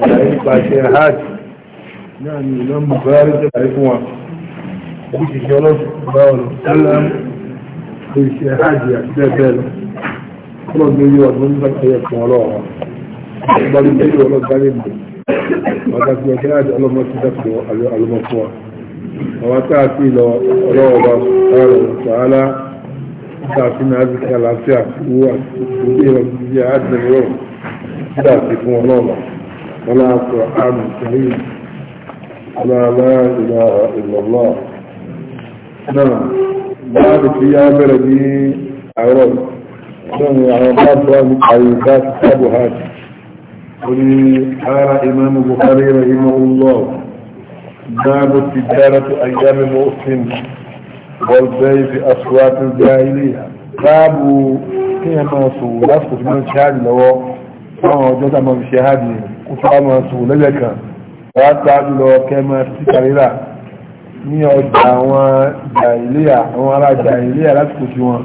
àlàyé nípa ṣe hajj náà ni ìlú Buhari ṣe àlàyé fún wa bí ṣe ṣe ọlọ́sùn bá ọ̀rọ̀ sálám lè ṣe hajj àti bẹ́ẹ̀ bẹ́ẹ̀ lọ kọ́lọ̀ ní oyè ọdún nígbà tó yẹ fún ọlọ́wọ́ ọba ní oyè ọlọ́gbà lè mọ̀ ọ̀dà tí ọlọ́mọ ti dàpọ̀ àlọ́mọ fún wa àwọn tá bá sọ̀rọ̀ sàálà tá a náà ti ṣe àlàáfíà owó àti ìdílé ọdún yìí àti ìrọ̀rùn tí a ti fún صلاة القرآن الكريم على لا إله إلا الله نعم بعد قيام ربي عرب كان عربات ومقايدات أبوهات قال إمام البخاري رحمه الله باب التجارة أيام المؤسن والبيع في أصوات الجاهلية باب كما سولفت من شاد لو àwọn ọjọ́ tá a máa fi ṣe háàdì kó tó a máa sòwò lẹ́gbẹ̀ẹ́ kan wọ́n á ta lọ kẹ́ máa sí kàrírà ní ọjà àwọn jàìlíà àwọn ará jàìlíà láti kò sí wọn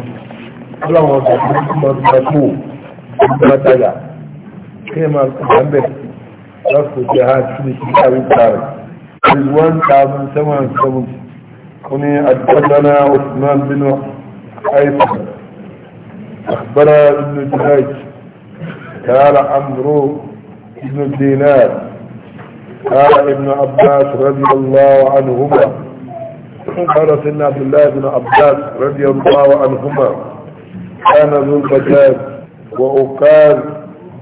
wọ́n láwọn ọjà tó ń bọ̀ sí ẹ̀kọ́ ìgbà tajà kí قال عمرو بن الدينار قال ابن عباس رضي الله عنهما قال سيدنا عبد الله بن عباس رضي الله عنهما كان ذو البجاج وأقال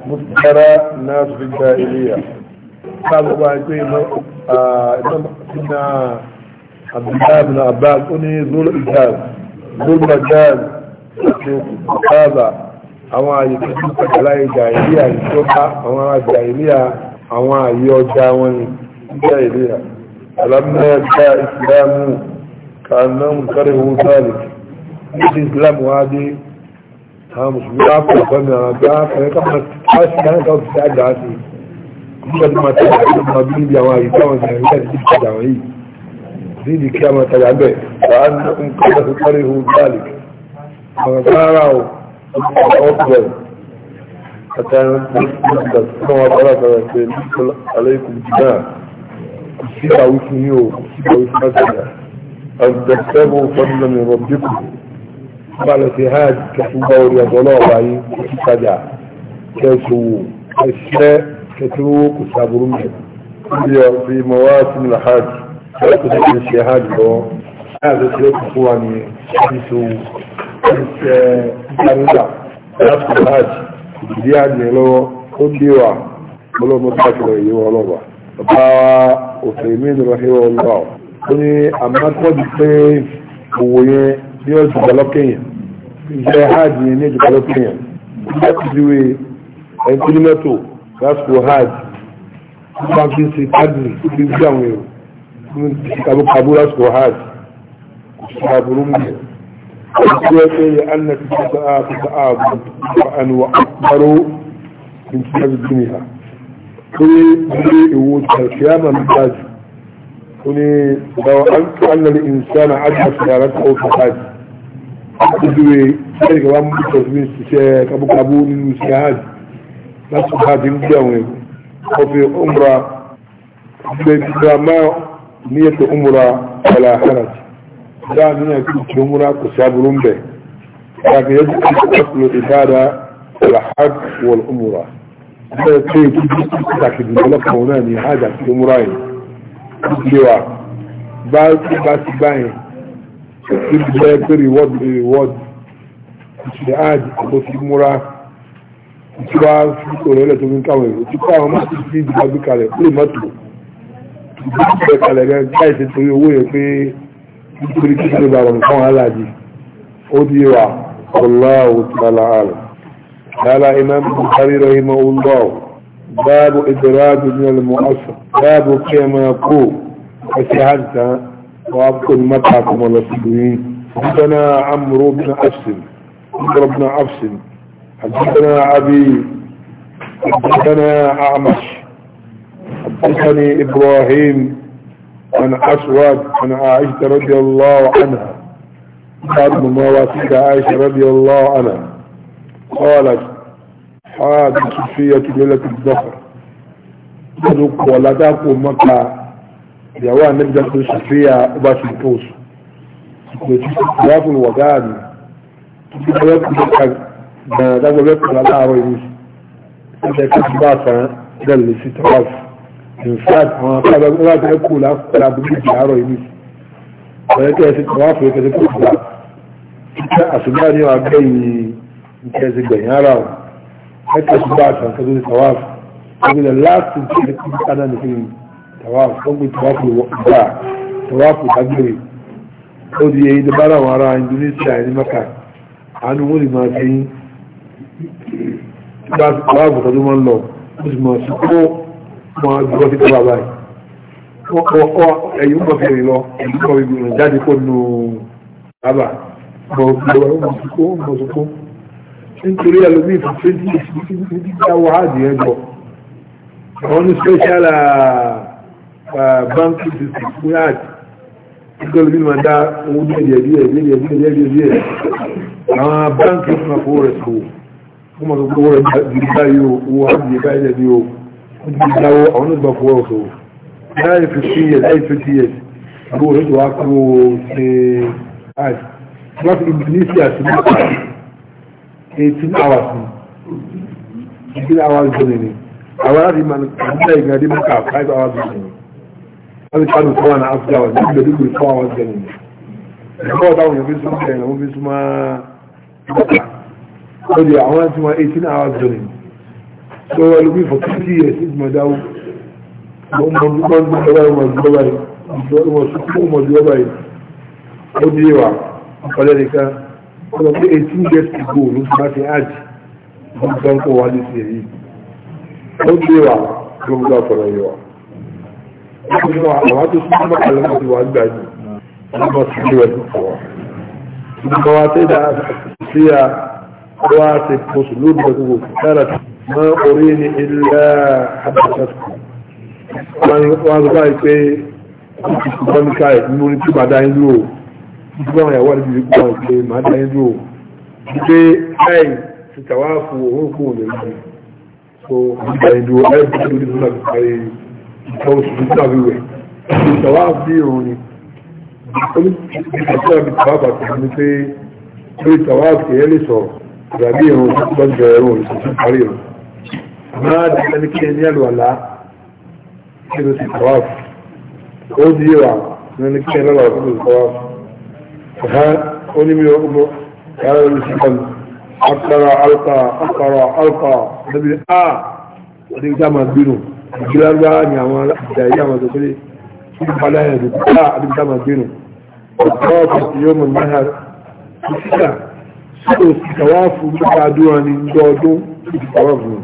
مسترى الناس في الجاهلية قال الله آه، سيدنا عبد الله بن عباس أني ذو البجاج ذو البجاج هذا àwọn ààyè tó ti pẹ̀lú láyé jàìlíà tó bá àwọn ará jàìlíà àwọn ààyè ọjà wọn ni jàìlíà alámúnáyà gba ìsìlámù kàánà mùsàrí ohun sáàlì ní ti ìsìlámù wá dé àwọn mùsùlùmí láàpù ọ̀gbọ́n àwọn àgbà fẹ̀rẹ̀ káfíńtà káfíńtà káfíńtà ọ̀fíìsì máa tẹ̀lé àwọn ọmọ bí níbi àwọn àyíká àwọn jàìlíà ti ti padà wọ̀nyí فكانت تسبب سماوات ثلاثة يدخل عليكم جماع كسيرا وسنيو كسيرا وسنسلا أن تكتبوا فضلا من ربكم قال في هذا كتبوا يا ضلال كتبوا كتبوا أشياء كتبوا كتبوا منها في مواسم الحاج كتبوا الشهاد هذا سيكون حديث ìjànìjà láti hajj ìdí àjẹ́ lọ́wọ́ ó dé wa ọlọ́mọ sákìlọ̀ èyí wọn lọ́wọ́ bàbá òfin mi ní wọ́n hẹ́wọ́ ń lọ ó ní àmọ́tọ́jú pé òwò yẹn ní ọjọ́ ìgbàlọ́kẹ́yìn ìjẹ́ hajj yẹn ní ọjọ́ ìgbàlọ́kẹ́yìn ìjẹ́ kùdíwé ẹnkúlímẹ́tò lásìkò hajj nígbà tí ń ṣe kádìrì tó fi gbé àwọn èrò ní kàbókàbó lásìkò hajj kò sí àbúrú mú yẹn ويقول أن تتعاب تتعاب فأن وأكبروا من كتاب الدنيا كل بريء وجه القيامة محتاج كل لو أنت أن الإنسان عجب سيارته فحاج أدوي ذلك وأن متصمين سيشيك أبو كابون المسيحاج نفس هذه الجوانب وفي أمرة في ما نية أمرة ولا حرج da nuna kuke mura ku saburun bai kafin yadda kuke kasulo ibada alhaq wal umura da ce kuke da ke dubala kauna ne hada kuke mura ne kukewa ba su ba su bayan kuke da ya fi reward da reward kuke da aji abokin mura kuke ba su tsoro yana tobin kawai kuke kawo masu ji da babu kare kuke mato kuke da kalaga kai ta tsoro wuya pe يذكر كثير بابا نحن هلا جي أوديوا الله تعالى إمام بخاري رحمه الله باب إدراج من المؤسس باب كما يقول فشهدت وابقوا المتحكم على السبيين حدثنا عمرو بن أفسن عمر بن أفسن حدثنا أبي حدثنا أعمش حدثني إبراهيم عن أسود عن عائشة رضي الله عنها قال ما واسيد عائشة رضي الله عنها قالت حاد صفية ليلة الظهر تذوق ولدك مكة جوان نبدأ في صفية باش الكوس خلاف الوغاني ما دام يقول على عربي إذا كنت باسا قال لي ستراف in fact àwọn akáda ní láti ẹkù láfẹ́ra bíbí àárọ̀ inú ọ̀rẹ́ tẹ́ ẹsẹ̀ wọ́n fẹ́ kẹsẹ̀ kó gbà títẹ́ àṣùgbà ní ọ̀gbẹ́ yìí ní kẹsẹ̀ gbẹ̀yìn ara ọ̀ ẹ̀kẹ́ ṣùgbà àṣà kẹsẹ̀ ní tawaf ọ̀gbẹ́ the last thing tí ẹkù ní kánà ní fún tawaf ọ̀gbẹ́ tawaf gbà tawaf dágbére ó di èyí dábàrà àwọn ará Indonesia ní Maka àánú wọn lè máa wọn gbọ́ sí tọ́ba báyìí ọ ẹ̀yìn mọ̀ fi rìn lọ ẹ̀yìn mọ̀ fi rìn jáde kó nu bàbà mọ̀ gbọ́ mọ̀ sókó mọ̀ sókó nítorí ẹlòmíì fún twenty years ní ti ti dá wàhálì yẹn jọ àwọn ní special bank system fún yáàdì nígbà lóbi máa dá owó díẹ̀ díẹ̀ díẹ̀ díẹ̀ díẹ̀ díẹ̀ díẹ̀ àwọn báńkì fún àfọwọ́ rẹ̀ sọ̀wọ́ fún àfọwọ́ rẹ̀ báyìí o owó àbíyẹ báyìí ìgbàláwó àwọn ìgbà fún ọ̀sọ̀ láì 15 years láì 20 years àbúrò rẹ̀ tó wá kúrò ṣe àti wọ́n fi indonesia sí mọ́ta 18 hours ní 18 hours gbọ́nà ni àwọn láti máa nígbà ìgbàdé mọ́ta 5 hours gbọ́nà ni wọ́n ti kánú fún àwọn africa hours ní ìgbàdé gbọ́nà 4 hours gbọ́nà ni ẹ̀kọ́ ọ̀táwọn yẹn fi súnmọ́ ẹ̀rọ fi súnmọ́ mọ́ta ó di àwọn láti máa 18 hours gbọ́nà ni tó wà lóbi for fifty years ní ìmọ̀dáwó wọ́n mọ wọ́n mọ ìjọba ìwọ̀n ìjọba ìwọ̀n ìwọ̀n sọ́kọ́ ìwọ̀n ìjọba yìí ó di wa ọ̀pọ̀lẹ́ nìkan ó lọ pé eighteen years ago ló ti bá ti hajj ló ń gbọ́n kó wá ní sí èyí ó di wa ló ń gbọ́ ọ̀pọ̀lọ́ yìí wa ó ti wá àwọn àti sọ́kọ́ bá kàlẹ́ láti wá a wá ṣe oṣù lóògbé gbogbo ما أريني إلا حدثتكم wọ́n sọ báyìí pé ìfúnpọ́nìkà ìmú ní tí màá dá yín lò ìfúnpọ́ àwọn ìyàwó àdìbò ìgbà pé màá dá yín lò wípé láì ṣètàwá fún òun fún òun lè so ìgbà ìdúró láì fún òun nígbà tó parí ìtọ́ oṣù tó tàbí rẹ̀ ṣètàwá bí òun ni olùsọ̀tà bí tàwá bàtà ni pé lórí tàwá kìí ẹ lè sọ̀rọ̀ ìgbà bí òun ti bẹ̀rẹ̀ máa di ẹni kí ẹni ẹlùwàlá kí ló ti tọ́wọ́ ó di wà ẹni kí ẹni ẹlùwàlá kí ló ti tọ́wọ́ ọ̀hán ó ní mi ọmọ ẹ̀rọ ló ti kọ́ akara alka akara alka níbi a ọdún ìjà máa gbinu ìgbìlágbá ni àwọn ìjà ìyá máa tó pélé kí ló bá láyé ẹ̀dùn a ọdún ìjà máa gbinu ọ̀pọ̀ ọ̀pọ̀ yóò mọ̀ náà sísà sí òsì tọ́wọ́ fún nípa adúrà ní ọdún ìdìtọ́wọ́ fún un.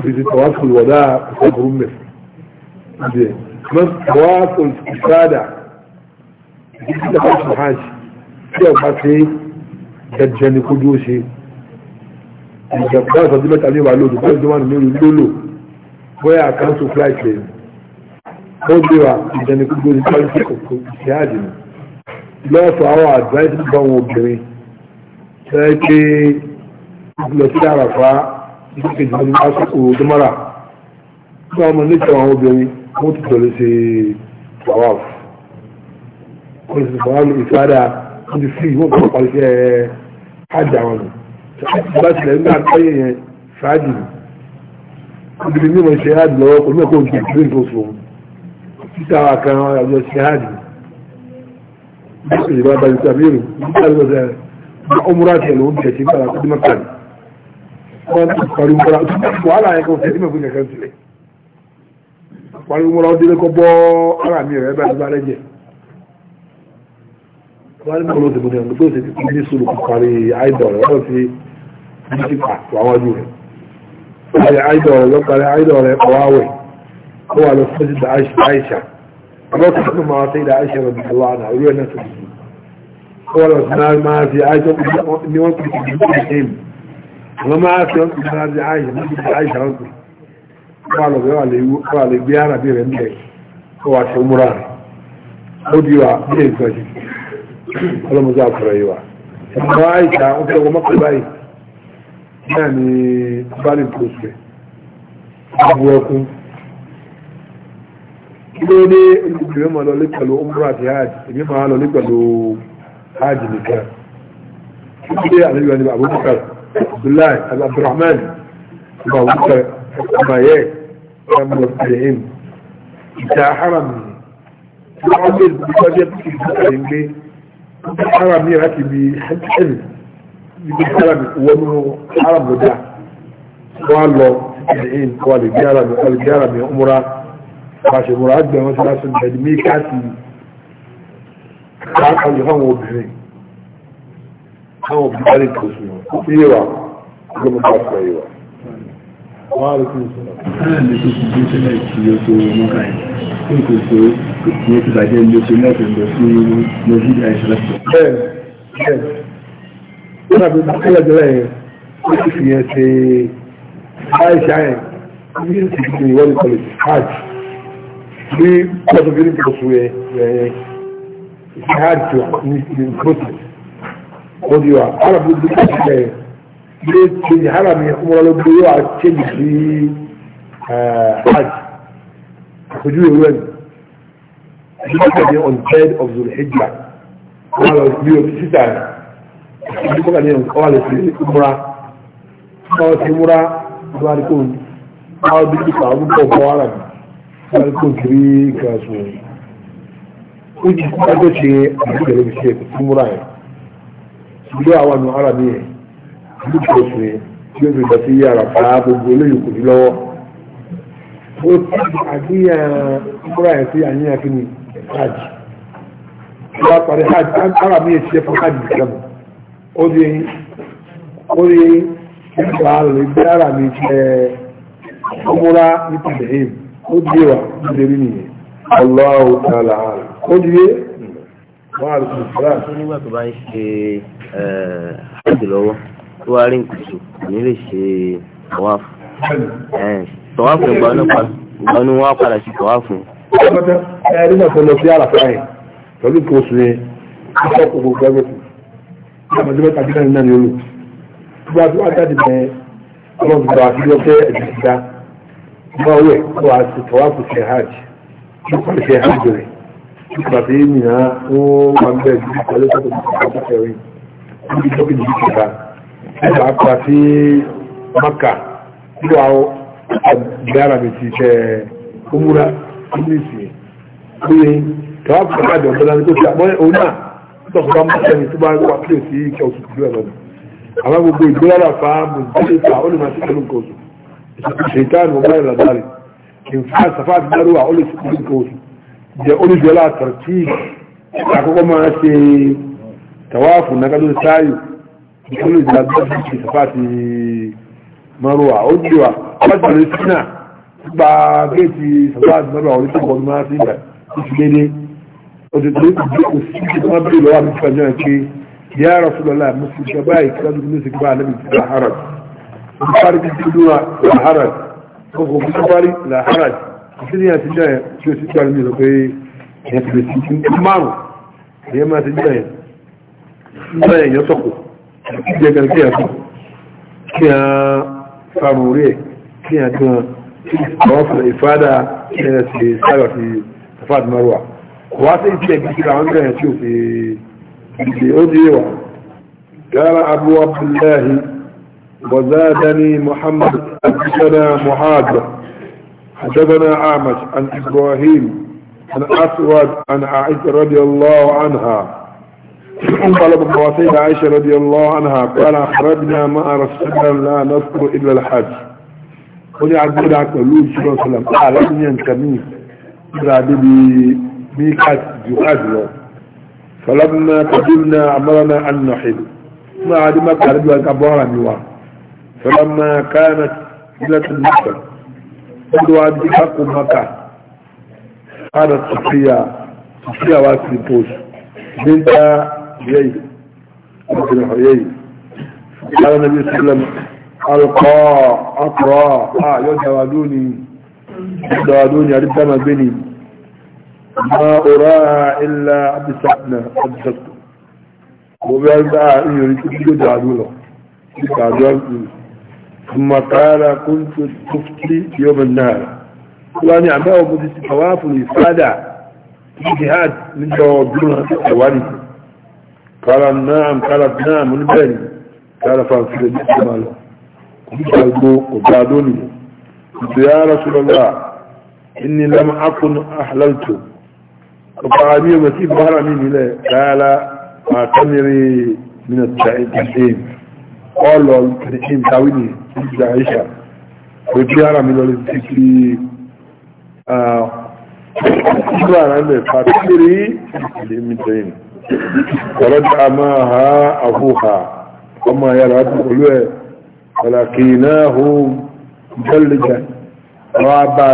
في طواف الوداع بسبب رمس من طواف الإفادة جدا حاج محاج في أبعثي دجاني قدوسي الجبار فضيمة عليه وعلوه دبار دوان ميلو لولو ويا كانسو فلايت لين قدوا دجاني قدوسي فالسي اجتهادي لا فعوا أدفايت بان وبرين سايكي لو سيارة فا ìgbẹ́kẹ̀jì wọn ni wọ́n sọ́kò jọmọ́ra tí wọ́n mọ nítorí àwọn obìnrin wọ́n ti tọ̀lé ṣe tawaf wọ́n ti tawaf ní ìfádà wọ́n ti fi ìwọ́n kọ́ parí ṣe hajj àwọn nù ṣáàjì bá tilẹ̀ nígbà táyé yẹn ṣáàjì nù obìnrin ní wọ́n ṣe hajj lọ́wọ́ kò ní ẹ̀kọ́ òjò ìdílé nǹkan oṣù òun títà kan àjọ ṣe hajj nù ìgbà bá ti tàbí rò nígbà tó ṣe ọmọ rà tẹ̀lé oúnjẹ ti bára kó dé parí mọ́ra wàhálà yẹn kò fẹ́ẹ́ mẹ́fún kẹ̀kẹ́ sílẹ̀ parí mọ́ra ó délé kọ́ bọ́ ara mi rẹ̀ bá nígbà rẹ̀ jẹ́ wọ́n ní kọ́lọ́ tẹ̀mọ́tẹ̀ ọ̀nà tó ṣe ti kí ní sùúrù parí àìdọ̀ rẹ̀ wọ́n ti ní ti pa àwọn ojú rẹ̀ parí àìdọ̀ rẹ̀ lọ́parí àìdọ̀ rẹ̀ ọ̀wáwẹ̀ ó wà lọ fún ìdá àìṣà ọlọ́tún tó máa ṣe ìdá àìṣà ṣe ó wọ́n máa fi ọ́nkù dára bí àìṣà ọ́nkù wà lọ bẹ́wà lè gbé ara bí rẹ̀ mẹ́ kó wà ṣe múra rẹ̀ ó di wà bí i nǹkan ṣe ọlọ́mọdé àkùrọ̀ yìí wà ọmọ àìṣà ó fẹ́ wọ́n mọ́kànlá yìí náà ni bali post rẹ̀ abu ẹkún kí ló dé olùkùnrin máa lọ lé pẹ̀lú umra àti hajj èmi máa lọ lé pẹ̀lú hajj nìkan kí àlejò ẹni àbójúkàrọ̀ عبد الله عبد الرحمن أبو بكر أمايات أم المبتدعين بتاع حرم عمر بفاجة بكرين بيه حرم يراتي بحج حلم يقول ومنه حرم ودع قال قال قال مراد káwọn òbí bá lè tó sùn wọn kó fi yé wa ló mú bá sọ yé wa. wọ́n á lè fi sùn lọ. káyọ̀ lè fi sùn bí sílẹ̀ kí o tó mú ká yẹn kí o tó yẹ ti bàjẹ́ ní oṣù náà tó lọ sí lọ sí ìdá ìṣẹ̀lẹ̀. bẹ́ẹ̀ bẹ́ẹ̀ ó dàbí káyọ̀ jẹ́lẹ̀ yẹn ó sì fi yẹn ṣe odiwa arab ló dúró sílẹ̀ ilé kejì haram yẹn kó mọ́ra ló dúró yóò àkéjì sí hajj àpèjú ìwé ni ìdílé kàdé on third of zulhijja wọn lọ bí omi síta ìdílé kọ́kàdé on kọ́wà lè fi múra kọ́wà sí múra ló wà ní kò ní kọ́wà bí kí kàwá púpọ̀ fọ́ ara mi ló wà ní kò kiri kàṣù ó ti kọ́kàdé ṣe àbújá ló fi ṣe kò sí múra yẹn. ìlú àwọn ọ̀nà arabi yẹn ìlú kòsì yẹn tí ó fi bọ̀ sí yàrá fà gbogbo eléyìí kò ní lọ́wọ́. ó ti àdéhà ìmúra ẹ̀ sí àníyàn kí ni hajj tí wàá parí hajj arabi yẹn ṣiṣẹ́ fún hajj nìkan mọ̀ ó di ó di ìgbà àlè bí arabi ṣe ọmúra nípa ìdèhìn ó di wa ó di rí nìyẹn. Allahu ta'ala ó di yé wọ́n nígbà tó bá ń ṣe hajj lọ́wọ́ tó wá rí nkùsù ní lè ṣe tọ́wáfù tọ́wáfù ìgbà ní wọ́n á padà sí tọ́wáfù. ẹ̀rí náà tó lọ sí àràfà yẹn pẹ̀lú ìkóso yẹn kíkọ́ kò gbogbo ẹgbẹ́ kù ní àmọ́jú mẹ́ta dídá nínú ìlú tó bá tó wá jáde bẹ́ẹ̀ ọlọ́run gba àtijọ́ fẹ́ ẹ̀jẹ̀ síta bá wẹ̀ kó a ti tọ́wáfù ṣe hajj kí wọ́n ṣe ìpàdé mìíràn wọ́n wà ń bẹ̀ jù pẹ̀lú ìpàdé ìpàdé kẹrin níbi tókè mi ti tẹ omura nísì oye tàwa fún ọba àjọ̀dọ́ láti tó fi àmọ́ òun náà nígbà tó bá mú sẹ́ni tó bá wà kí òsì ìkẹ́ òsì ìlú ẹ̀rọ ni àwọn gbogbo ìgbéyàwó àfa mùsùlùmí ta ó lè máa ti pẹ̀lú nǹkan oṣù ìṣètàn mọ̀gbáyà làdárì ìfà sàfà àti dárò à ó lè jẹ́ olùjọ́lá tọ̀tí àkọ́kọ́ máa ṣe tàwáàfù nàgádó sáyù olùjọ́lá tọ̀tí ti sàfà ti mọ́rùwà ó jẹ́ wa pàtàkì sínà gba géètì sàfà ti mọ́rùwà orí tó kọ́ ní máa sí ìgbà títí dédé ó ti tó ìgbé kò sí ìgbé máa bèèrè lọ́wọ́ àmì fàjọ́ ẹ̀ pé yá rasulọ́lá mùsùlùmí ìjọba ìkíláàdù ní oṣù gbà lẹ́bi ti sàhárà ó parí ti dúró sàhárà ó kò fi sàfárí sàhárà àti ní àti jẹ́ tí ó sì a sọ̀kò kí حدثنا عامش عن إبراهيم عن أسود عن عائشة رضي الله عنها طلب مواسيد عائشة رضي الله عنها قال خرجنا مع رسول لا نذكر إلا الحج قل عبد عبد الله صلى الله عليه وسلم قال لم ينتمي إلى بميقات له فلما قدمنا أمرنا أن نحل ما عاد ما قال فلما كانت ليلة المسجد wanda wa bi haƙƙun maka ana tafiya tafiya wa kirtos binta yayi abin hayayi قال النبي صلى الله عليه وسلم ألقى أقرأ آه يدعوني يدعوني أردم بني ما أراها إلا أبسطنا أبسطنا وبيان بقى يريد يدعوني يدعوني ثم قال كنت تفتي يوم النهار وأنا نعم، أعماه بديس طواف الإفادة جهاد من جوابنا أولي قال نعم قالت نعم ونبالي قال فانفر جئت ماله كنت ألقوك وقادوني قلت يا رسول الله إني لم أكن أحللت وطعامي ومسيب بهر من إليه قال اعتمري من التعيم قال له التعيم تاويني ìjà ìṣà ojú ara mi lọ lè ti fi ìlú ara mẹ́ fàtírí ìpìlẹ̀ mi tẹ́yìn ọ̀rọ̀dá máa ha àfúhà ọmọ ayára pẹ̀lú ẹ̀ ọ̀làkìnà ohun jẹ́lẹ̀jẹ̀ wọ́n á bá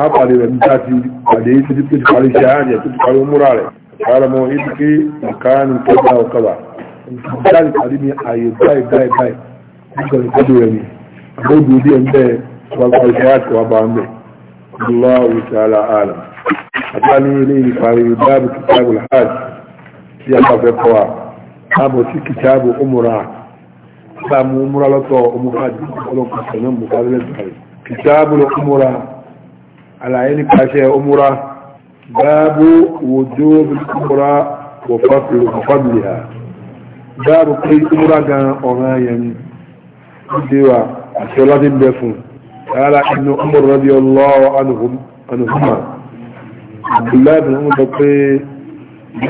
a pàdé rẹ̀ níta ti pàdé títí tó ti parí ṣe àárín tó parí múra rẹ̀ ara mọ́ ibi kí nǹkan ní kẹta ọ̀kọ̀bà níta ti ní ààyè báyìí báyìí báyìí ni àbójú díẹ̀ ụdị bẹ́ẹ̀ wàgbà iṣẹ́ àti wàbà ń Allahu ta'ala alam àbá ní ilé ìparí báàbù hajj a bá fẹ́ ديوا اصلا دين بفو قال ابن عمر رضي الله عنهم انهما عبد الله بن عمر بطي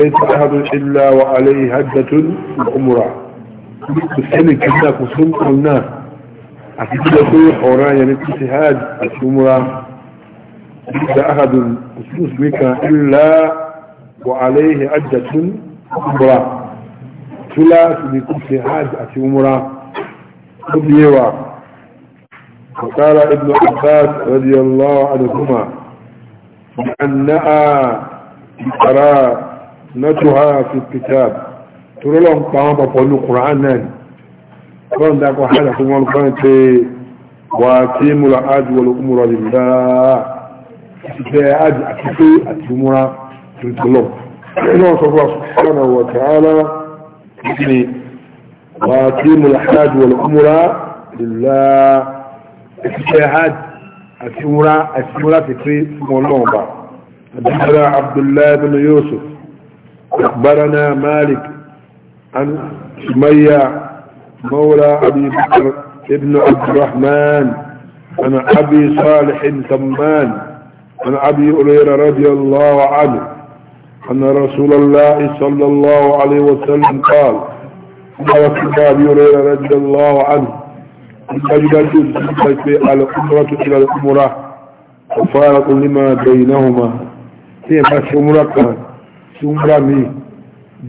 ليس احد الا وعليه هجه الامراء السنه كنا كسوم قلنا اكيد في حورا يعني في سهاد الامراء ليس احد الخصوص بك الا وعليه هجه الامراء ثلاث بكم سهاد الامراء قديوا وقال ابن عباس رضي الله عنهما أنها نتها في الكتاب ترى لهم قام بقول القرآن قال ذاك وحالة قوم القرآن واتيم العاد والأمر لله أتفاعد أتفاع في الظلم لأنه سبحانه وتعالى يعني وقيم الحاج والعمرة لله الشهاد العمرة في تكري مولوبا أخبرنا عبد الله بن يوسف أخبرنا مالك عن سمية مولى أبي بكر ابن عبد الرحمن عن أبي صالح تمان عن أبي هريرة رضي الله عنه أن رسول الله صلى الله عليه وسلم قال وكان أبي هريرة رضي الله عنه الأجلة في الأمرة إلى الأمرة وفارق لما بينهما هي بس أمرة كان أمرة مي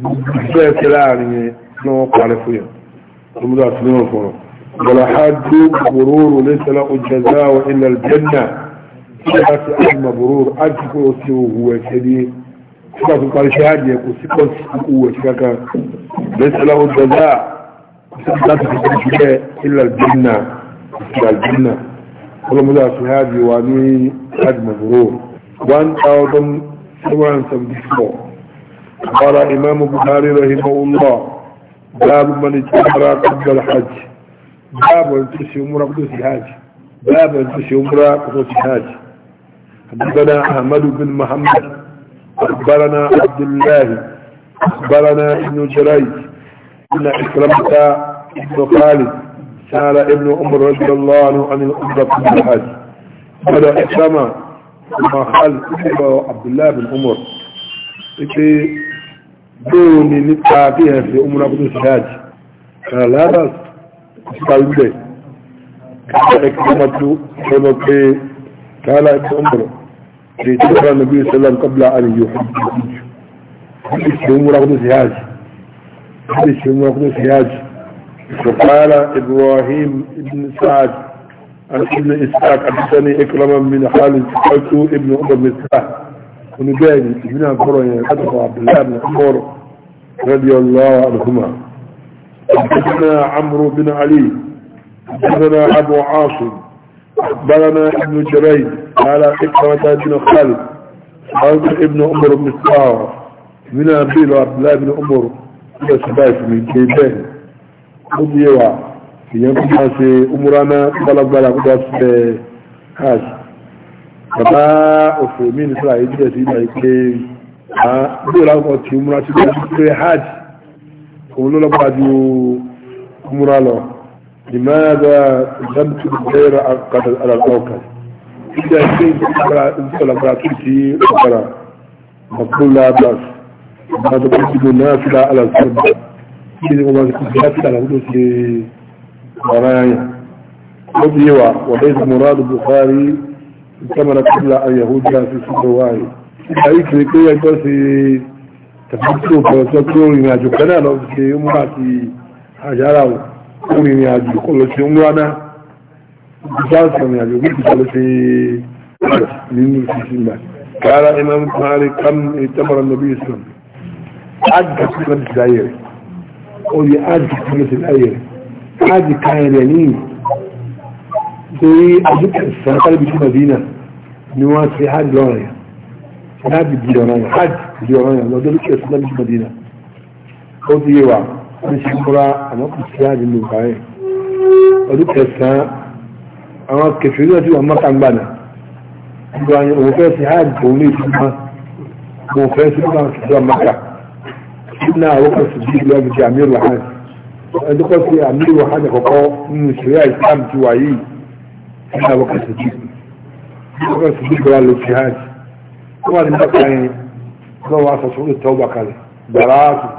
بسيط الآن نوقع يعني لفيا المدار سنين الفرق ولا حد مرور ليس له الجزاء إلا الجنة بس مبرور أجل وسيوه هو شديد nígbà tó parí ṣáàdì ẹ̀kọ́ sí pọ̀ sí owó ẹ̀ṣẹ́ kankan lẹ́sẹ̀lá ó dọ́lá láti fi ṣe ṣe ilẹ̀ jìnnà ìṣẹ̀lẹ̀ jìnnà ọlọ́mọdé àṣáàdì wa ní adìmọ̀bùrò 1774 قال إمام بخاري رحمه الله باب من اتحرى قبل الحج باب من تشي عمره قبل الحج باب من تشي عمره قبل الحج حدثنا أحمد بن محمد أخبرنا عبد الله أخبرنا ابن جريج أن إكرمة ابن خالد سأل ابن عمر رضي الله عنه عن الأمرة في الحج قال إكرمة ثم خالد عبد الله بن عمر في دوني نتا فيها في أمرة بن الحج قال لا بس قال إكرمة قال ابن عمر لتقرأ النبي صلى الله عليه وسلم قبل أن يحب حدث عمر بن سياج حدث عمر بن سياج وقال إبراهيم بن سعد عن ابن إسحاق حدثني إكرما من حال سألت ابن عمر بن سعد ونباني ابن عمر يعني حدث عبد الله بن عمر رضي الله عنهما حدثنا عمرو بن علي حدثنا أبو عاصم أخبرنا ابن جريج على إكرمة بن خالد قال ابن عمر بن الصار من أبيل وعبد الله بن عمر إلى سبايس من جيبين قضيوا في يوم الناس أمرنا بلغ بلغ بلغ هاش bàbá òfò من ní sọ́la ìdílé sí ìgbà ìpé àbúrò láwọn tí ó múra sí ìgbà ìpé لماذا لم تدير على الأوكل إذا كنت تقرأ براتيتي أقرأ مقبول لا بأس ما تقول نافلة على الفرد إذا ما تقول نافلة على الفرد مرايا قديوة وليس مراد البخاري كما قبل أن يهود في سنوائي أي كريكية تسي تفكتو فرسكتو لما جبنا لو في يوم حاجة راوي ìrìn àjò kò lọ sí umrana ìjáàsì ìrìn àjò bí kò lọ sí nínú ìsinmi gbà kára imam buhari kam ìtàmọ̀rọ̀ nàbí islam ájì kí lọ sí láyé rẹ̀ ó yẹ ájì kí lọ sí láyé rẹ̀ ájì káyẹ̀ rẹ̀ ní torí àdúgbò ìsàn kálíbi sí madina ni wọ́n ti ájì lọ́rọ̀ yẹn ájì di ọ̀rọ̀ yẹn ájì di ọ̀rọ̀ yẹn lọ́dọ̀ lókè ìsàn kálíbi sí madina ó ti yé wa wọ́n ṣe múra àmọ́ kò sí àdé ló bá yẹ ọdún kẹsàn-án àwọn kẹfìrí náà ti wà mọ́ta ń gbàdà ìgbà yẹn òun fẹ́ sí àdé òun lè fi mọ́ òun fẹ́ sí ìgbà kẹsì wà mọ́ta ìgbà àwọn kan sì bí ìgbà gbèsè àmì ìwà hàn ẹjọ́ kan sí àmì ìwà hàn àkọ́kọ́ nínú ìṣẹ̀lẹ̀ àìsàn ti wà yìí ìgbà àwọn kan sì bí ìgbà kan sì bí ìgbà lè fi hàn wọ́n wà ní mọ́ta yẹn wọ́n wá sọ̀tún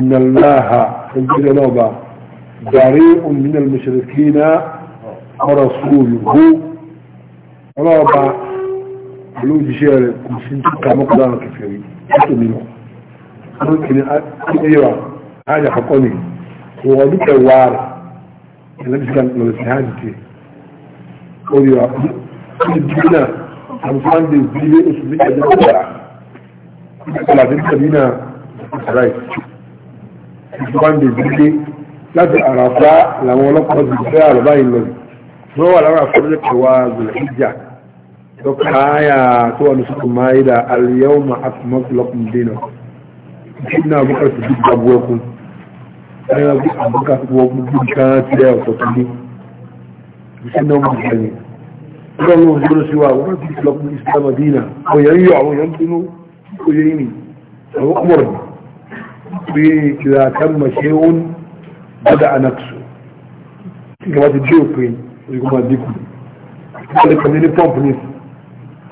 إن الله الجل نوبة جريء من المشركين ورسوله نوبة بلوج شارع كمسين تبقى مقدار كفيري أتمنى أتمنى أتمنى هذا حقوني هو بك الوار أنا مش كان ملسهاجتي قولي رابع الجنة خمسان دي الزيبي أسبوع جدا كلا تبقى بينا الوار ìgbàgbé gbígbé láti àràfá làwọn ọlọ́pàá ti fẹ́ àrùbá ìlọ tó wà láwọn àfọ́jọ́ kẹwàá zulhijja tó káyà tó wà ní sọ́kù máyídà al-yawma akmaltu lakum dinakum ìṣúná abúkà ti bí gbàgbó ẹkùn ẹni wọn bí abúkà ti wọ́n gbogbo nǹkan ti rẹ̀ ọ̀tọ̀ tó ní ìṣúná ọmọ ìgbà yẹn tó wà lóhùn tó lọ sí wa wọ́n ti lọ́kùn islam adina òyìn yọ àwọn èèyàn tó ní òyìn ní àwọn ọmọ rẹ̀ pé kìlá tamma shay'un bada anaqsu tí kí wọ́n ti dé òpin orígun máa dínkù wọ́n lè kàn ní pọ́ǹpù ní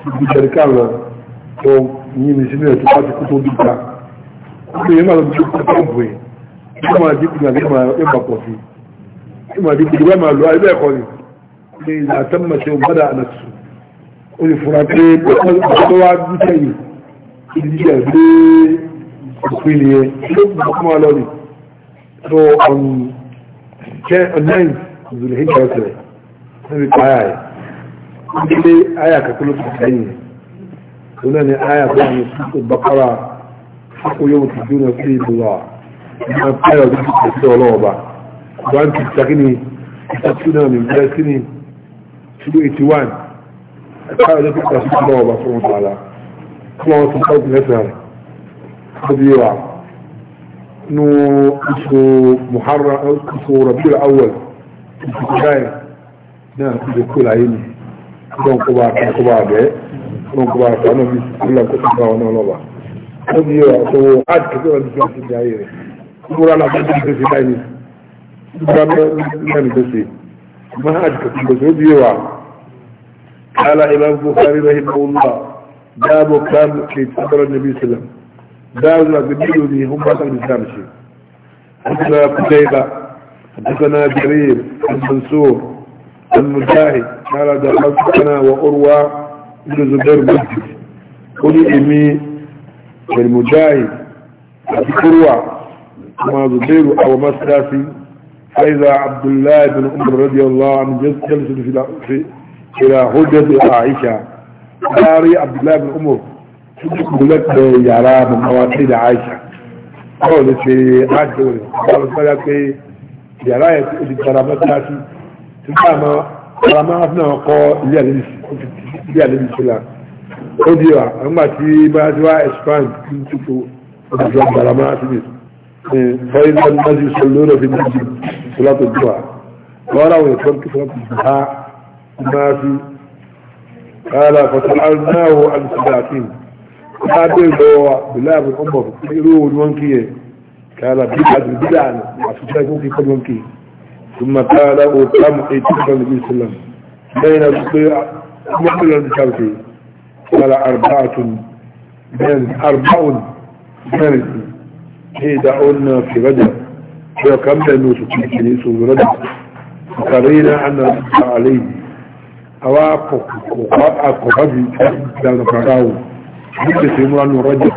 ibi jẹ̀ríkà lọ tó yín mi sínú ẹ̀tọ́ láti kú tó dìgbà wọ́n lè máa lọ bí kú pọ́ǹpù ẹ̀ kí wọ́n máa dínkù ní àgbẹ̀ máa ẹ̀ máa pọ̀ sí kí wọ́n máa dínkù ìgbà máa lọ ẹgbẹ́ ẹ̀kọ́ ni kìlá tamma shay'un bada anaqsu ó lè fura pé pẹ̀lú ọ̀dọ́ wa dúkẹ́ yìí òfin nìyẹn ló ń bọ̀ mọ́ lọ́rì tó ọ̀n jẹ́ ọ̀nẹ́yìn ìzùlẹ̀ ìjà ọ̀sẹ̀ níbi káyà ẹ̀ nílé àyà kẹ́kọ́ ló ti sẹ́yìn tó náà ni àyà tó ń sọ bàkàrà fún yóò ti dúró sí ìbúra ìgbà pẹ́rọ tó ti pèsè ọlọ́ọ̀ba wọ́n ti sàkíní ìsàkíní náà ní bẹ́ẹ̀ sí ní ẹ̀ka ọjọ́ tó ti pèsè ọlọ́ọ̀ba fún ọ̀tàlá fún ọ̀tàlá قديرة نو اسو أو اسو ربيع الأول اسو كاين نعم اسو كل عيني كون كبار كون كبار بيه كون كبار كون بيس كلا كون كبار ونولوبا قديرة اسو قد كتير الإسلام في الجاهيري كبار على قد كتير في العيني كبار بسي ما هاد كتير بس قديرة قال إمام بخاري رحمه الله باب كان في صدر النبي صلى الله عليه وسلم داود قبيله هم بطل الإسلام شيء حدثنا قتيبة حدثنا جرير المنصور المجاهد قال دخلت أنا وأروى بن زبير مسجد قل إمي المجاهد أروى ما زبير أو مسلسي فإذا عبد الله بن عمر رضي الله عنه جلس في إلى هجة عائشة قاري عبد الله بن عمر gbẹ́gbẹ́ yàrá mọ̀mọ́wá sí ilẹ̀ àìsà báwo lè ṣe ájò rẹ̀ báwo sọ́dá pé yàrá ẹ̀ tó ti tara mọ́tíláṣí tí bá mọ́ tara máa fi náà kọ́ ilé àlejò sílá ó di wa nígbà tí bá ti wá expand kí n tútù ọjọ́ tara máa fi fọ́yìn náà máa ti sọ lórí òfin méjì ìṣúná tó dùn wa lọ́wọ́n àwọn ètò kí fọ́n ti dùn á máa fi قال فتعلناه عن هذا هو بلاب الأمة يروه الونكية قال بدعة البدعة عشان يكون في كل ونكية ثم قال وقام حيثك النبي صلى الله عليه وسلم بين محمد المشاركي قال أربعة من أربع جانب هيدعون في رجب وكم لأنه ستنسي رجب وقرينا أن رجب عليه أواقف وقاقف وقاقف وقاقف وقاقف bí gbèsè múra nù rọ́jà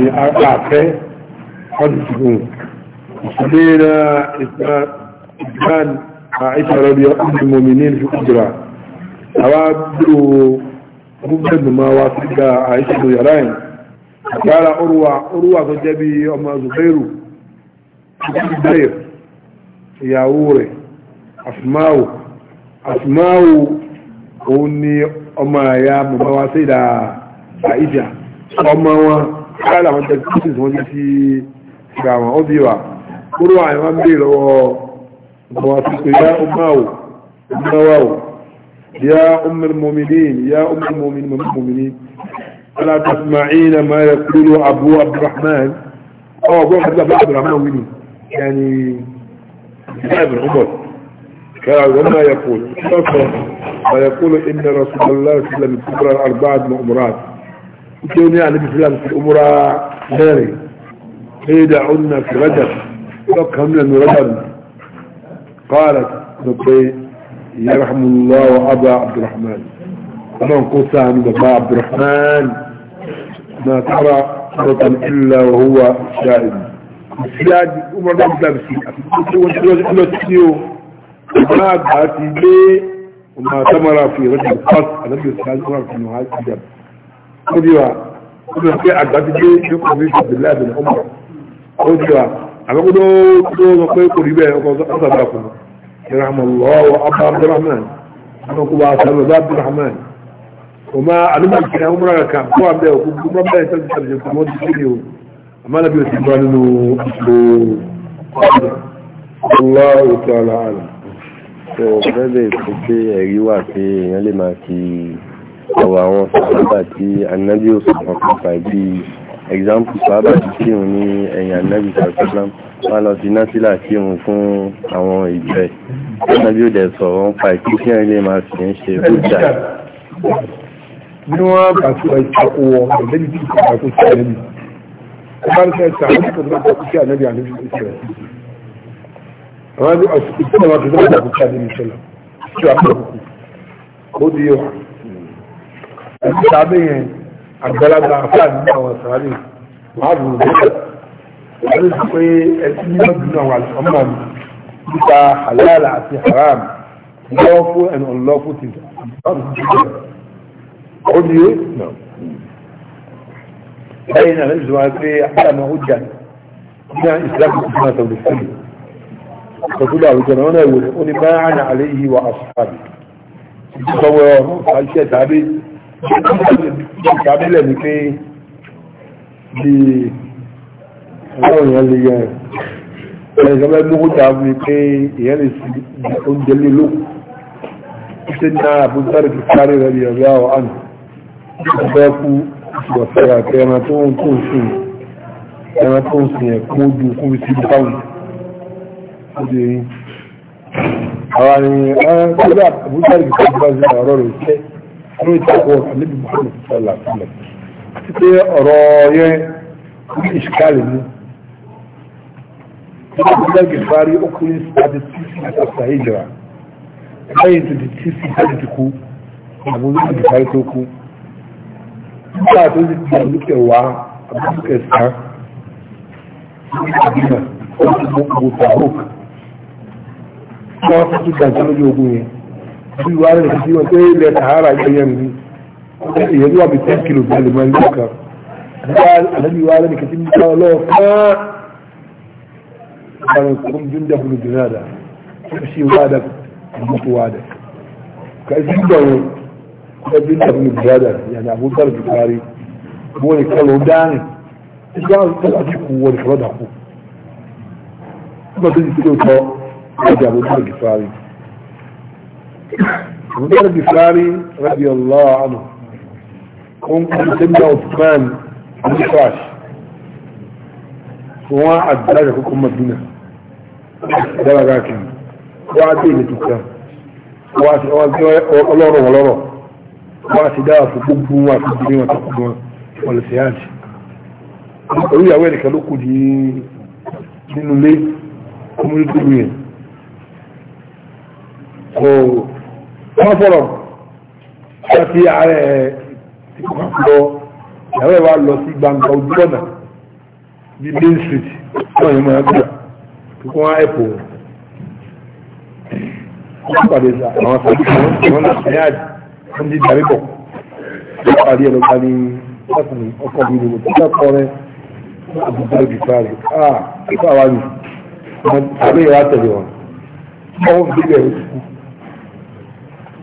ní àfẹ́ ọdún tuntun ìṣẹ̀lẹ̀ ìgbàn àìsàrọ̀ bí ọdún mọ̀mí ní ìlú ìjìrà àwọn bíro gúgbẹ̀dùn máa wá sí gba àìsàrọ̀ yàrá yìí àtàrà orúwà orúwà tó jẹ́ bí ọmọ zubairu zubair ìyàwó rẹ̀ asmáwò asmáwò òun ni ọmọ àyà mọ̀mọ́ wá sí dáa àìjà ọmọ wọn káàlà wọn tẹ̀sí kúrò wọn jẹ́ sí ìgbà wọn ó bí wa kúrò àyàn wọn bèèrè lọ́wọ́ ọmọ àtúntò yá ọmọ àwò ọmọ wa o yá ọmọ mọ̀mìnín yá ọmọ mọ̀mìnín mọ̀mìnín ala tasma'ina ma yaqulu abu abdurrahman ọ gbọ́n kí abu abdurrahman wí ni yani ibn umar kala wama yaqulu sọ́kọ̀ ma yaqulu inna rasulallah sallallahu alaihi wasallam kubra al-arba'at mu'amarat يجوني على بسلام في أمراء هاري إذا عدنا في رجب فقهم من رجب قالت نبي يا رحم الله أبا عبد الرحمن وما قصة عن أبا عبد الرحمن ما ترى خطا إلا وهو شائد السياج عمر بن عبد الله ما بعت لي وما تمر في رجل قط النبي صلى الله عليه وسلم ó di wa ó di wa pé àgbà ti dé ní kò ní ìṣòwò ìlà ìbẹ̀rẹ̀ ọmọ ó di wa àbẹ́kú tó tó sọ pé kò rí bẹ́ẹ̀ ọkọ̀ ọ̀sàbà kù ìrànlọ́wọ́ abba abdulrahman àwọn kò bá sàlọ̀ bá abdulrahman kò máa alúmọ̀ ìkìlẹ̀ àwọn múra kà kó àbẹ́ òkú múra bẹ́ẹ̀ sẹ́sì sàlẹ̀ kò mọ́ ti sí o àmọ́ ọ̀rọ̀ àwọn sàbà tí anábì ò sọ̀rọ̀ pàpà bí example sàbà tí kírun ní ẹ̀yìn anábì sàkúlám wọn lọ sí násílà kírun fún àwọn ìjọ ẹ̀ anábì ò dẹ̀ sọ̀rọ̀ ń pa ìkí kí ẹ̀rí lè máa sì ń ṣe bójà. bí wọ́n bá sọ ìtakò wọn lẹ́yìn tí ìtakò kò sí ẹ̀rí wọ́n bá sọ ìtakò kò sí ẹ̀rí kò sí anábì anábì kò sí ẹ̀rí. àwọn ìtakò kò sí ẹ̀rí kò sí anábì kò sí ẹ̀rí ẹni sábẹ́ yẹn àgbàlagbà àfáàní ní àwọn sàárè wàá bù bẹ́ẹ̀ wọ́n lè sọ pé ẹtí ní wọ́n dùn àwọn àlùfáà mi nípa halal àti haram lawful and unlawful ti ọ̀hún ni yóò nà lẹ́yìn náà lẹ́yìn ìṣòwò pé àkàmà ó jà ní ìsìlámù tó máa tọ̀lé sílẹ̀ ọ̀tún àwùjọ náà náà wò ó ní máa ń àlẹ́ yìí wà àṣàbí ìṣòwò ọ̀rọ̀ àṣẹ tàbí ìgbàdílẹ̀ ni pé bí àwọn èèyàn lè yẹ ẹ̀rẹ̀ ìjọba ẹgbẹ́gbẹ́ta wí pé èèyàn lè sí oúnjẹ lílò ṣe ní àbújáre ti sáré rẹ̀ bí ọ̀rẹ́ àwọn àmì ọ̀fẹ́ kú ìgbọ̀fẹ́ àti ẹran tó ń kún sí ẹran tó ń sí ẹ̀ kún ojú kún sí báwọn obìnrin àwọn àrùn ẹran tó dà àbújáre ti sáré rẹ̀ ọ̀rọ̀ rẹ̀ lórí ìtàkùn ọ̀rọ̀ níbi Muhammad sọ̀lá sílẹ̀ àti pé ọ̀rọ̀ yẹn ní ìṣìkàlẹ̀ ni nígbà tí wọ́n gbèfárí ọkùnrin àti tíìsì àtàkùn àìjọra lẹ́yìn tó di tíìsì àti ti kú àbúrò ní gbèfárí tó kú nígbà tó ti di àbúkẹ̀ wá àbúkẹ̀ sàn ní àbúrò ó ti gbogbo tàbókù wọ́n ti tún gbàgbọ́ lójú ogun yẹn bí wàá rẹ̀ sí wọn pé ilẹ̀ sahara gbẹ̀yẹ̀ mi ìyẹn wà bí ten kilo bí alẹ́ máa ń lọ́kà àlẹ́bí wàá rẹ̀ kìtì nípa ọlọ́ọ̀ kán bàrẹ̀ kún júndà fún ìdúnàdà ṣe wàdà àbúkú wàdà kàìsí gbọ̀wọ̀ kọ́ júndà fún ìdúnàdà yàrá àbúkú bukari wọ́n ni kọlọ̀ dáni ìgbà àti kú wọ́n ni kọlọ̀ dàkú. Wọ́n tó ti ṣe lóòótọ́ ọjà àbúkú bukari. المدرب الفلاني رضي الله عنه ممكن تبدا عثمان بن فاش هو الدرجة كم مدينة درجة كم وعدي لتكام وعدي ولورو ولورو وعدي دافو بوبو وعدي دنيا وتقدم ولا سياج orí àwọn ẹ̀rẹ̀kẹ́ ló kù di nínú ilé kúmúlùkúmù yẹn wọ́n fọ́rọ̀ láti ààrẹ tí kò máa lọ ìyàwó ẹ̀ wá lọ sí gbangba ojú ọ̀nà bí main street náà yẹn máa gbà tó kọ́ wá ẹ̀pọ̀ wọ́n pàdé sa àwọn sàbí kan wọ́n náà ṣe àjì wọ́n di dàrí bọ̀ wọ́n pàdé ẹ̀ lọ́gbà ní ọkùnrin ọkọ̀ mi nìyẹn tó dákọ̀ rẹ̀ àbúgbà ìgbìfà rẹ̀ ah ìfà wa ni àbẹ́yẹ̀ wa tẹ̀lé wọn ọwọ́ ìgbìlẹ̀ òkú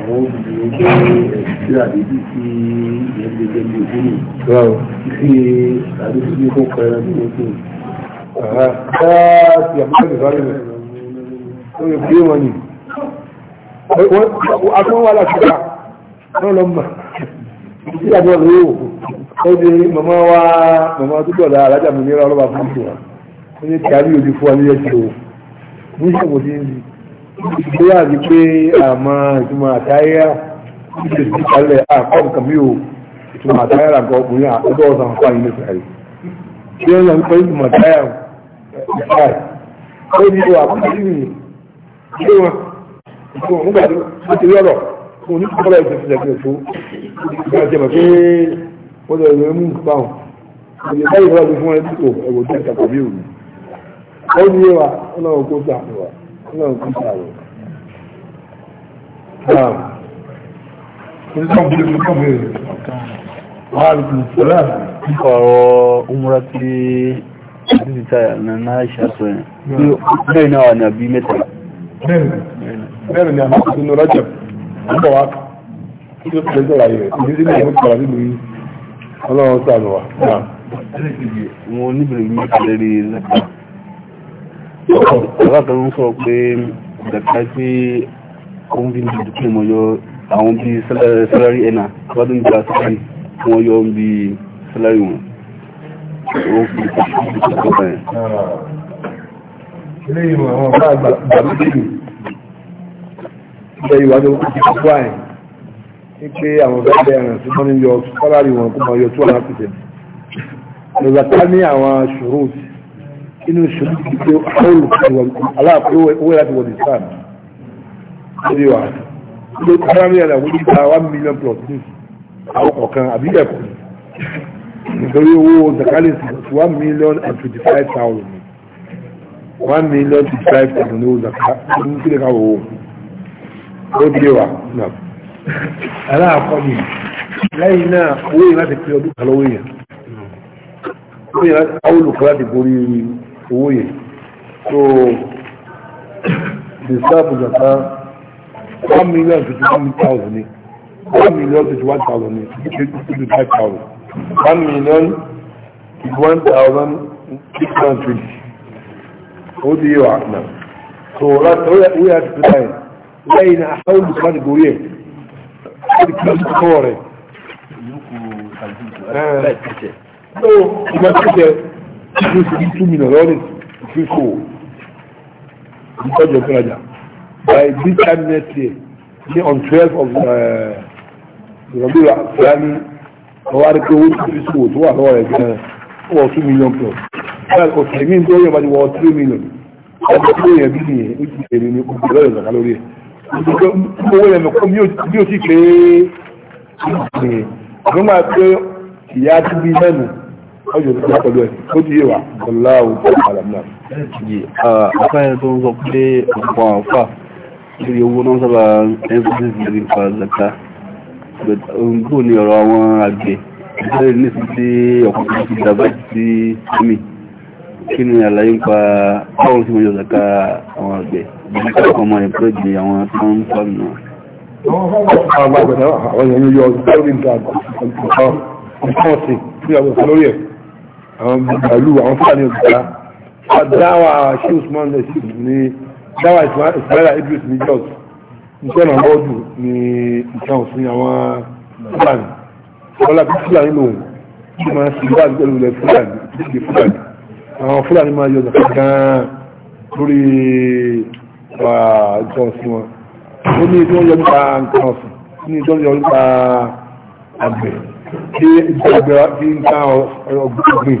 àwọn obìnrin tó ṣe àdébí sí ìyẹ́gbẹ́gbẹ́ bí òbí mi. ṣe àdébí sí kó kọ́ ẹran nínú fún mi. ṣáàtì àbúkọ́ ìbálẹ̀ rẹ̀ ó yẹ kí wọ́n ní. akọ́wọ́n wà láṣìkà náà lọ mà sí àbúrò lówó ó di màmá wa màmá tó dọ̀la alájà mi nira ọlọ́ba fún ìṣòwò ó ní kí a rí ojú fún wa ní ó wà ní pé àmọ́ ìtumọ̀ àtàyà ìṣe sí kalẹ̀ àkọ́m kàmí o ìtumọ̀ àtàyà làkọ́ ọkùnrin àtọ́dọ̀ ọ̀sán fún àyè nípa rẹ̀ ṣé ń lọ nípa ìtumọ̀ àtàyà ìfà ó ní ìwà àkọ́kọ́ sí nìyí ó ti rọrọ̀ fún oníkọ́lá ìṣẹ̀ṣẹ̀ ìṣẹ̀ṣẹ̀ tó fún ẹbí tó ẹ̀wọ̀n tó ìtàkùn bí òun ó náà kú sàrò náà nígbà bí i kọ́ bèèrè wàhálùkùn sọ́lá ọ̀rọ̀ umra tí àdúgbò táyà na náà ṣàtọ̀ yẹn bẹ́ẹ̀ náà wà ní àbí mẹ́ta bẹ́ẹ̀ ni àwọn ìṣúná rọ́jọ̀ ń bọ̀ alákan sọ pé dàkà sí kọ́nvín dùdùkú mọ̀ yọ àwọn bí sálárì ẹ̀nà wọ́n gba sálárì wọ́n yọ bí sálárì wọn wọ́n fi ìpàdé ilé ìwọ̀n àwọn ọ̀gá àgbàlódìrì ilé ìwà tó ti kọ́ fún àyìn ní pé àwọn ọ̀gá ẹgbẹ́ ẹ̀ràn tí wọ́n ń yọ sálárì wọn kó máa yọ 2.5% lọ́gbàtà ní àwọn ṣòro sí inú ìṣòro ti pé ọ̀rọ̀ aláàpẹ̀wé láti wọ̀ nìkan lórí wa ló kára ní ẹ̀rọ wọ́n nípa one million plus ní àwọn kọ̀ọ̀kan àbí ẹ̀kọ́ nítorí owó zakali sí one million and twenty five thousand one million twenty five thousand owó zakali ní kílẹ̀ káwọ̀ owó ó di wa náà aláàkọ́ mi lẹ́yìn náà owó yìí láti pé ọdún kan lọ́wọ́ yẹn ó yẹ àwọn olùkọ́ láti borí owó yẹn so the staff zaka one million fifty one thousand ni one million fifty one thousand ni fifty five thousand one million fifty one thousand six hundred twenty ó di yẹ wa náà so láti ó yà ti pẹ̀lú àyè lẹ́yìn àṣàwọn olùkọ́ àti gòrí ẹ̀ ó di kílọ̀ sí kọ́ rẹ̀. Ìgbà tó jẹ́ yóò fi two million lọ́rùn fi kò ìtọ́jú ìfúnrajà by this time next year ní on twelve of ìrọ̀lú ìfúnraní ọwọ́ arípé owó tó fi kò tó wà lọ́wọ́ rẹ̀ gan-an ó wọ two million plus well ọ̀sẹ̀ mi tó yẹ bá ti wọ three million ọmọ tó yẹ bí nìyẹn ó ti èrè ní oṣù lọ́yọ̀ ìgbàgbà lórí ẹ̀ owó yẹn mọ̀ bí ó ti pé ìyá tó bí mẹ́nu ọjọ́ ìgbà pẹ̀lú ẹ̀ ó ti yé wa ọláwù àlàmà. àfáàyàn tó ń sọ pé ọ̀pọ̀ àfà lórí owó náà sábà emphasis lórí nǹkan zaka òǹgbò um, ni ọ̀rọ̀ àwọn àgbẹ̀ ìbéèrè nísìn tí ọ̀pọ̀ ti dàgbà sí omi kí ni àlàyé nípa báwọn tí wọ́n yọ zaka àwọn àgbẹ̀ ìgbà kan máa ń pẹ́ di àwọn tó ń fà nù. àwọn àgbẹ̀ náà àwọn èèyàn yọ ọ̀sán lórí nǹkan àgbẹ̀ ọ̀sán ọ̀sán ọ̀sán lórí ẹ̀ àwọn bàálù àwọn fúlàní òkúta dáwà ṣé usman lè sí ní dáwà ismaila idris ní jos iṣẹ́ náà lọ́dù ní ìṣẹ́ òsìn àwọn fúlàní ọlá pé fúlàní lòun tí máa ń sìn báàgì pẹ̀lú ilẹ̀ fúlàní ìdíje fúlàní àwọn fúlàní máa yọ ọ̀dọ̀ gan-an lórí ìṣẹ́ òsìn wọn ó ní ìdí wọn yọ nípa nǹkan ọ̀sìn ní ìdí wọn yọ nípa àgbẹ̀ tí ìgbàgbà tí ń ká ọgbìn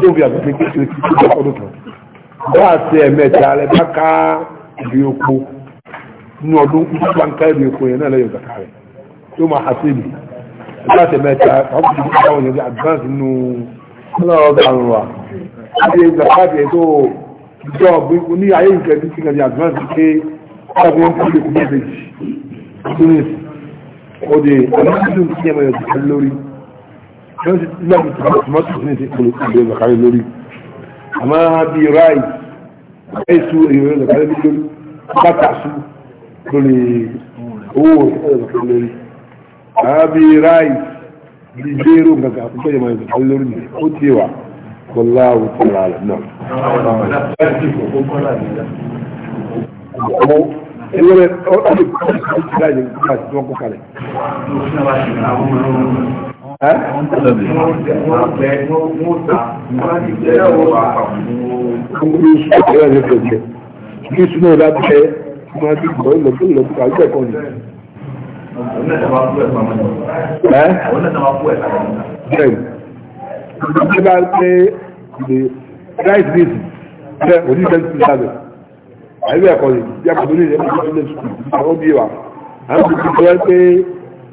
tó fi àgbàgbé kí ṣe títí ìgbà ọdún kan bá àti ẹ̀mẹ́ta rẹ̀ bá ká ìbí oko ní ọdún ìgbà ń ká ìbí oko yẹn náà lẹ́yìn ìgbàkà rẹ̀ tó máa àti ìbí bá àti ẹ̀mẹ́ta ọkùnrin tó ká òyìnbó advance nínú ọlọ́ọ̀dọ̀ àrùn wa láti ìgbàkà rẹ̀ tó ìjọ ọ̀gbìn ní ayé ìkẹ́ òde aláàdùn kí ẹ máa dùn lórí yóò ti tí láti tòmátò ní ti kò lè zakari lórí àmọ́ bíi ráì ẹ̀sù èrè zakari lórí bàtà sùn lórí owó ẹ̀ zakari lórí àmọ́ bíi ráì bíi zéèrò gàgà kó tẹ̀yẹ̀ máa zakari lórí ni ó ti wà kọlá òtún ara rẹ̀ náà. ẹlẹ́rẹ́ ọdún ìgbàlẹ̀ ìgbàlẹ̀ tí wọ́n kó kalẹ̀. Kí súná ọ̀dà tẹ́ máa ti gbọ́ ìlọ tó lọ bùkà lọ́pẹ̀ kan ni. Bẹ́ẹ̀ni, ọjọ́ bá pé the right reason, bẹ́ẹ̀ òní ìfẹ́ ti sábẹ̀ àyẹ̀wò ẹ̀kọ́ yìí bí akọ̀tún ní ìrẹ́pọ̀ tó lè sùkúl àwọn bí wa à ń bìí tó yẹ pé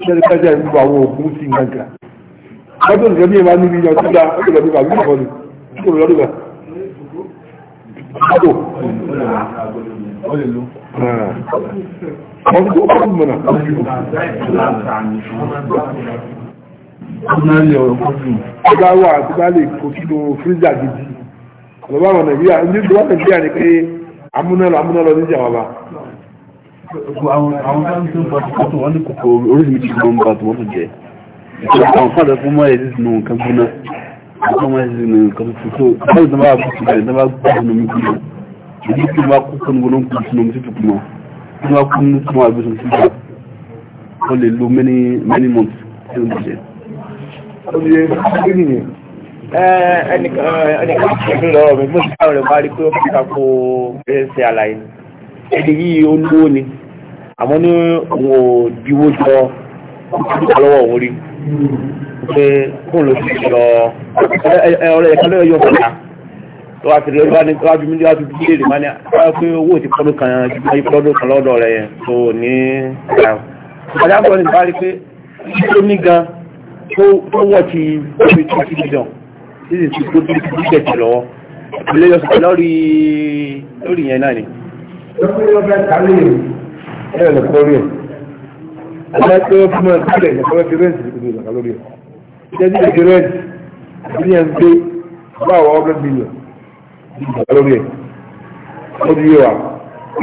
sẹ́ni kájà ń bọ àwọn òkú sí nǹkan lọ́dún ìgbà bíi máa níbi ìyànjú dá ó lọ́dún ìgbà bíi ìkọ́ni ó lọ́dún ìgbà. Wọ́n tó kọ́ mọ̀nà. Ọba wà àti bá lè kò sínú fíríjà gidi. Ọ̀lọ́bá wọn Nàìjíríà, ní ìdúrà Nàìjíríà ni pé amúnálọ amúnálọ ní ìjà bàbá. àwọn fáwọn tó bá tó wọ́n ní kòkó oríṣiríṣi bá tó wọ́n tó jẹ àwọn fáwọn tó mọ ẹ̀sìn sínú nǹkan gbóná àwọn mọ ẹ̀sìn sínú nǹkan tuntun tó báyìí tó bá kú sí báyìí tó bá kú sínú mi kú ìdí tó bá kú sínú gbóná kú sínú mi tuntun mọ tó bá kú sínú àwọn àgbẹ̀sọ̀ tuntun wọ́n lè lo many many months tó ń bọ̀ jẹ́. ó ti yẹ kí ni ẹnìkan ṣẹ̀dún lọ́rọ̀ mi mú ìdáhùn rẹ̀ wárí pé ó fi kàkó ẹsẹ̀ àlàyé ẹni yìí ó lówó ni àmọ́ ní òun ò diwó jọ lọ́wọ́ òun rí pé kóun ló ti lọ ọ̀rẹ́ ẹ̀ka lọ́yọ̀ yọ̀ kọ̀ọ̀ta tó wá ti rí ọjọ́ níwájú mi níwájú bí lè rí má ní àwọn pé owó ti pọ́dún kan ju pọ́dún kan lọ́dọ̀ rẹ̀ tó ní ìdáhùn. àdáńkọ́ ni bá rí pé tó ti 20 títí tí kó tí dígbẹ̀ jù lọ́wọ́ ilé yọ sọ̀rọ̀ lórí lórí yẹn náà ni.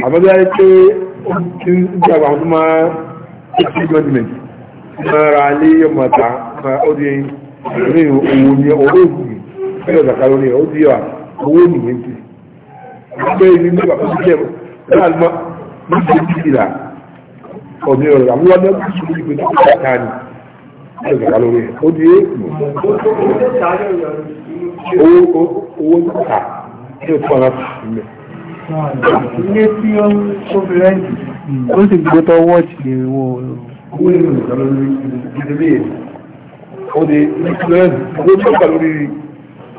àmọ́bí ayé pé ó ti ń gbàgbà ọdún máa ń ṣe gọ́ọ̀dìmẹ̀ntì máa ra ilé yọmọ̀ta máa ó di ẹ̀yìn owó ní owó bẹ́ẹ̀ zaka lórí ẹ̀ ó di wa owó nìyẹn ti bẹ́ẹ̀ ni nígbà tó jẹ́ náà ló má ṣe ní ìlà ọ̀nà ọ̀rọ̀ àwọn ọ̀nà tó ṣe ní ìpínlẹ̀ tó ṣàkà ni bẹ́ẹ̀ zaka lórí ẹ̀ ó di é owó owó tó ta ní o fọ́nà sílẹ̀. ilé tí ó ń kóbi rẹ́ǹtì ó sì gbé tó wọ́ọ̀tì lè wọ owó ìrìn ìgbàlódé ó di ìgbàlódé ó tó gbàlódé rí.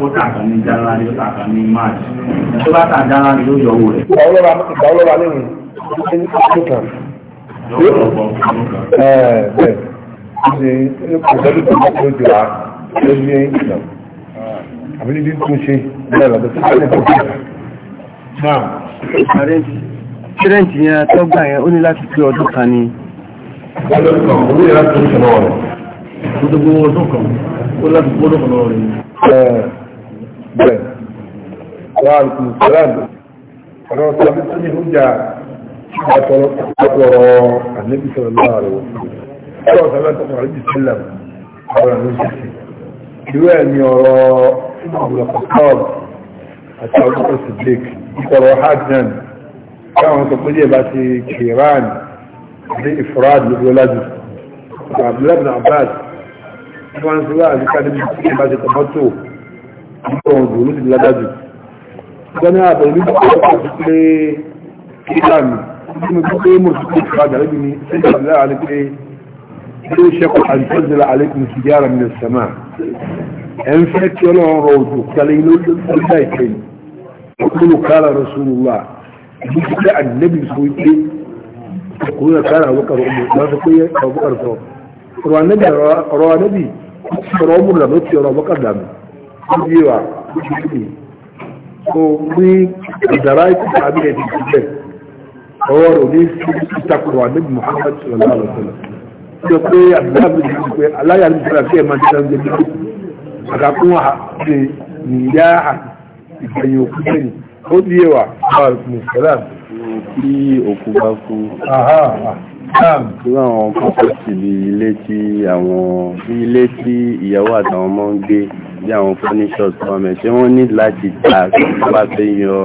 ó tàkà ní january ó tàkà ní march tó bá tà january yóò yọ owó rẹ̀. ìgbà ọlọ́ba ìgbà ọlọ́ba lẹ́yìn ní ọdún kan. bẹ́ẹ̀ ṣe ìtọ́jú tó kọ́ lójú wa ló ní ìlọ àbí níbi tó ṣe bẹ́ẹ̀ lọ́dọ̀ tó kọ́ lójú wa. tírẹ̀ǹtì yẹn tó gbà yẹn ọdún kan ó láti pé ọdún kan lọ́wọ́ rẹ̀ bẹ́ẹ̀ wà alùpùpùpùránì ọ̀rọ̀ sọ́bí tó ní hújà àtọ̀rọ̀ àníbi sọ̀rọ̀ láàrọ̀ ọ̀rọ̀ sọ́bí tó kọ̀ àríbi sílẹ̀ ọ̀rọ̀ àní sísè ìwé ẹ̀mí ọ̀rọ̀ ọ̀rọ̀kọ̀tọ́ọ̀bù àti ọ̀rọ̀ sìdík ìkọ̀rọ̀ hajjan káwọn sọ pé yẹ bá ti kìrán ní ìfúráàdì lójú ọlájú àbúlẹ́bìn àbáàdì wọ́n ń fi wá àyíká níbi tí ìbá ṣe tọ́mọ́tò ọ̀rọ̀ òjò ló ti ládájú gbọ́nà àbẹ̀rẹ̀ níbi tí ó ti pé kíkà mi tí mo pé mo ti pé ìfà àgbà lẹ́bi ní sẹ́yìn àbúrò àlẹ́ pé ilé iṣẹ́ kò àjọjọra àlékún ti di ara mi lè sẹ́mà ẹ̀ ń fẹ́ kí ọlọ́run rọ òjò kalẹ̀ ilé orílẹ̀ ìkẹ́ yìí ọkùnrin kára rasulullah ìlú ti pé àdínẹ́bì sọ wípé ọkùnrin kára àwọn kàrọ̀ ọmọ ìgbà sọ pé ọ̀bọ̀kàrọ̀ sọ ọ̀rọ̀ àdínẹ́bì ó ti ọ̀rọ̀ ọmọ ìlànà ó ti ọ̀rọ̀ ọmọkàdà mi ó yé wa ó ti fi so ní ìdàrá ìkúta àbí ẹ̀dì ìbílẹ̀ ọwọ́ rẹ̀ ní fífi takùrọ̀ àdébì Muhammad sallallahu alaihi wa sallam sọ pé àbúrò mi ti pé aláya ní ìtura fẹ́ẹ̀ máa ti sáré jẹ́ bíbí àkàkùn wa ṣe nìyá ìgbẹ̀yìn òkú sẹ́yìn ó yé wa bá a mú sọ́lá. bí òkú bá kú irú àwọn pọ́pọ́sì bí ilé tí àwọn bí ilé tí ìyàwó àtàwọn ọmọ ń gbé bí àwọn furnitures tó wà mẹ́tí wọ́n ní láti ta tó bá fẹ́ yọ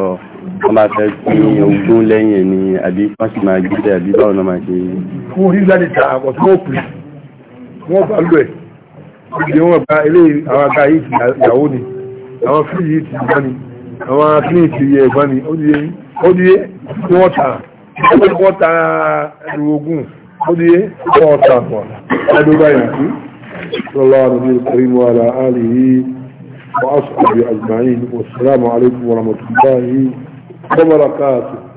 wọ́n bá fẹ́ pín ogún lẹ́yìn ni àbí wọ́n sì máa gbé dẹ̀ àbí báwọn náà máa ṣe. fún orí láti ta àpọ̀ tí wọ́n pè wọ́n bá lọ ẹ̀ ìdí wọn bá ilé àwọn aga yìí ti ìyàwó ni àwọn fíìsì yìí ti ìgbani àwọn akíní ti ẹ̀gbani ó di ó di wọ́n tààrà ọgbọ́n ta ẹrù ogun ó di ọgbọ́n ọ̀tà ọdún báyìí sí lọ́lọ́ àdúgbò karim wa ala alihi wa ashabi ajma'in wa assalamu alaikum wa rahmatullahi wa barakatuh